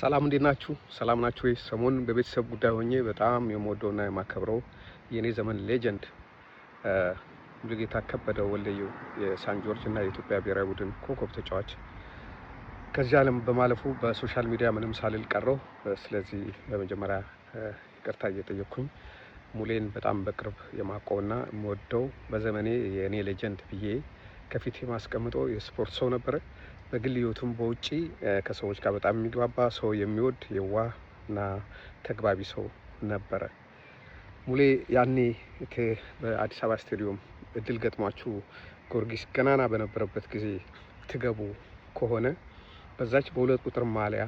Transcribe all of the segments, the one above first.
ሰላም እንዴት ናችሁ? ሰላም ናችሁ ወይ? ሰሞኑን በቤተሰብ ጉዳይ ሆኜ በጣም የምወደውና የማከብረው የእኔ ዘመን ሌጀንድ ሙሉጌታ ከበደ ወልደየው የሳን ጆርጅ እና የኢትዮጵያ ብሔራዊ ቡድን ኮከብ ተጫዋች ከዚህ ዓለም በማለፉ በሶሻል ሚዲያ ምንም ሳልል ቀረው። ስለዚህ በመጀመሪያ ይቅርታ እየጠየቅኩኝ ሙሌን በጣም በቅርብ የማውቀውና የምወደው በዘመኔ የእኔ ሌጀንድ ብዬ ከፊቴ ማስቀምጦ የስፖርት ሰው ነበረ። በግል ህይወቱም በውጪ ከሰዎች ጋር በጣም የሚግባባ ሰው የሚወድ የዋህ እና ተግባቢ ሰው ነበረ። ሙሌ ያኔ በአዲስ አበባ ስቴዲዮም እድል ገጥሟችሁ ጊዮርጊስ ገናና በነበረበት ጊዜ ትገቡ ከሆነ በዛች በሁለት ቁጥር ማሊያ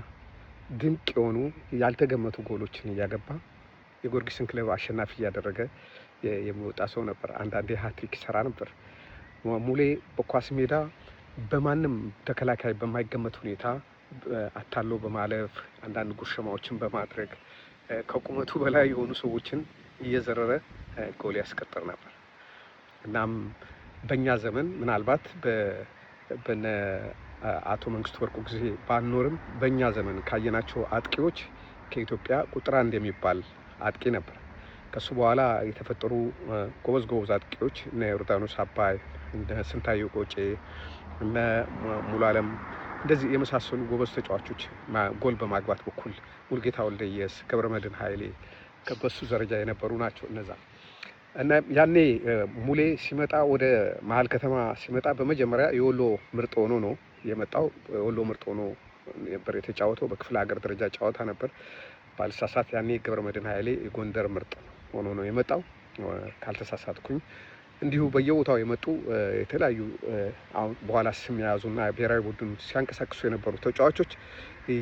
ድንቅ የሆኑ ያልተገመቱ ጎሎችን እያገባ የጊዮርጊስን ክለብ አሸናፊ እያደረገ የሚወጣ ሰው ነበር። አንዳንዴ ሀትሪክ ይሰራ ነበር። ሙሌ በኳስ ሜዳ በማንም ተከላካይ በማይገመት ሁኔታ አታሎ በማለፍ አንዳንድ ጉርሸማዎችን በማድረግ ከቁመቱ በላይ የሆኑ ሰዎችን እየዘረረ ጎል ያስቀጥር ነበር። እናም በእኛ ዘመን ምናልባት በነ አቶ መንግስቱ ወርቁ ጊዜ ባኖርም በእኛ ዘመን ካየናቸው አጥቂዎች ከኢትዮጵያ ቁጥር አንድ የሚባል አጥቂ ነበር። ከሱ በኋላ የተፈጠሩ ጎበዝ ጎበዝ አጥቂዎች እነ ዮርዳኖስ አባይ፣ እነ ስንታየሁ ቆጬ ሙሉ አለም እንደዚህ የመሳሰሉ ጎበዝ ተጫዋቾች ጎል በማግባት በኩል ሙልጌታ ወልደየስ፣ ገብረመድህን ኃይሌ በሱ ደረጃ የነበሩ ናቸው እነዛ እና ያኔ ሙሌ ሲመጣ ወደ መሀል ከተማ ሲመጣ በመጀመሪያ የወሎ ምርጥ ሆኖ ነው የመጣው። የወሎ ምርጥ ሆኖ ነበር የተጫወተው። በክፍለ ሀገር ደረጃ ጨዋታ ነበር ባልሳሳት። ያኔ ገብረመድህን ኃይሌ የጎንደር ምርጥ ሆኖ ነው የመጣው ካልተሳሳትኩኝ። እንዲሁ በየቦታው የመጡ የተለያዩ በኋላ ስም የያዙና ብሔራዊ ቡድን ሲያንቀሳቅሱ የነበሩ ተጫዋቾች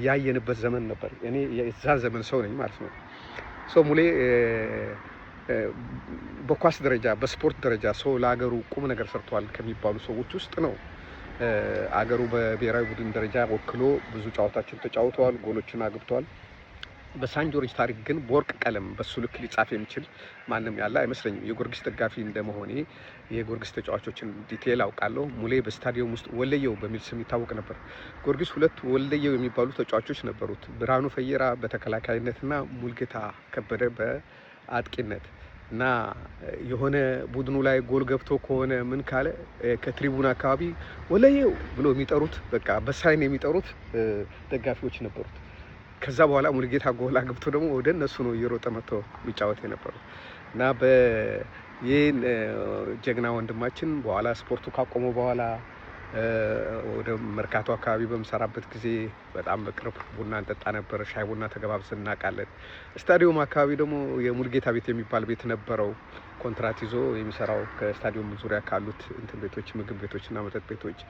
ያየንበት ዘመን ነበር። እኔ የዛ ዘመን ሰው ነኝ ማለት ነው። ሰው ሙሌ በኳስ ደረጃ በስፖርት ደረጃ ሰው ለሀገሩ ቁም ነገር ሰርተዋል ከሚባሉ ሰዎች ውስጥ ነው። አገሩ በብሔራዊ ቡድን ደረጃ ወክሎ ብዙ ጨዋታችን ተጫውተዋል፣ ጎሎችን አግብተዋል። በሳንጆሮች ታሪክ ግን በወርቅ ቀለም በሱ ልክ ሊጻፍ የሚችል ማንም ያለ አይመስለኝም። የጎርጊስ ደጋፊ እንደመሆኔ የጎርጊስ ተጫዋቾችን ዲቴል አውቃለሁ። ሙሌ በስታዲየም ውስጥ ወለየው በሚል ስም ይታወቅ ነበር። ጎርጊስ ሁለት ወለየው የሚባሉ ተጫዋቾች ነበሩት። ብርሃኑ ፈየራ በተከላካይነትና ሙልጌታ ከበደ በአጥቂነት እና የሆነ ቡድኑ ላይ ጎል ገብቶ ከሆነ ምን ካለ ከትሪቡን አካባቢ ወለየው ብሎ የሚጠሩት በቃ በሳይን የሚጠሩት ደጋፊዎች ነበሩት። ከዛ በኋላ ሙሉጌታ ጎል አግብቶ ደግሞ ወደ እነሱ ነው እየሮጠ መጥቶ የሚጫወት የነበረው እና ይህን ጀግና ወንድማችን በኋላ ስፖርቱ ካቆመ በኋላ ወደ መርካቶ አካባቢ በምሰራበት ጊዜ በጣም በቅርብ ቡና እንጠጣ ነበር። ሻይ ቡና ተገባብሰን እናውቃለን። ስታዲየም አካባቢ ደግሞ የሙልጌታ ቤት የሚባል ቤት ነበረው። ኮንትራት ይዞ የሚሰራው ከስታዲየም ዙሪያ ካሉት እንትን ቤቶች፣ ምግብ ቤቶችና መጠጥ ቤቶች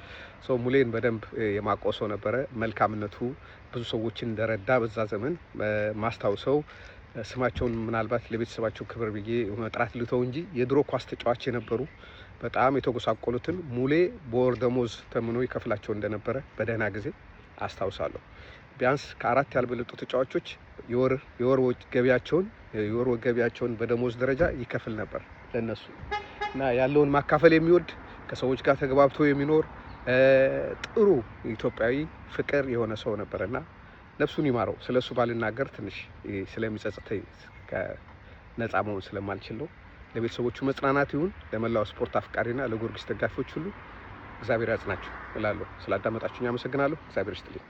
ሰው ሙሌን በደንብ የማቆሰው ነበረ። መልካምነቱ ብዙ ሰዎችን እንደረዳ በዛ ዘመን ማስታውሰው ስማቸውን ምናልባት ለቤተሰባቸው ክብር ብዬ መጥራት ልተው እንጂ የድሮ ኳስ ተጫዋች የነበሩ በጣም የተጎሳቆሉትን ሙሌ በወር ደሞዝ ተምኖ ይከፍላቸው እንደነበረ በደህና ጊዜ አስታውሳለሁ። ቢያንስ ከአራት ያልበለጡ ተጫዋቾች የወር ገቢያቸውን የወር ገቢያቸውን በደሞዝ ደረጃ ይከፍል ነበር ለነሱ እና ያለውን ማካፈል የሚወድ ከሰዎች ጋር ተግባብቶ የሚኖር ጥሩ ኢትዮጵያዊ ፍቅር የሆነ ሰው እና ነፍሱን ይማረው። ስለ እሱ ባልናገር ትንሽ ስለሚጸጽተኝ ነፃ መሆን ስለማልችል ነው። ለቤተሰቦቹ መጽናናት ይሁን። ለመላው ስፖርት አፍቃሪና ለጊዮርጊስ ደጋፊዎች ሁሉ እግዚአብሔር ያጽናችሁ እላለሁ። ስላዳመጣችሁኝ አመሰግናለሁ። እግዚአብሔር ይስጥልኝ።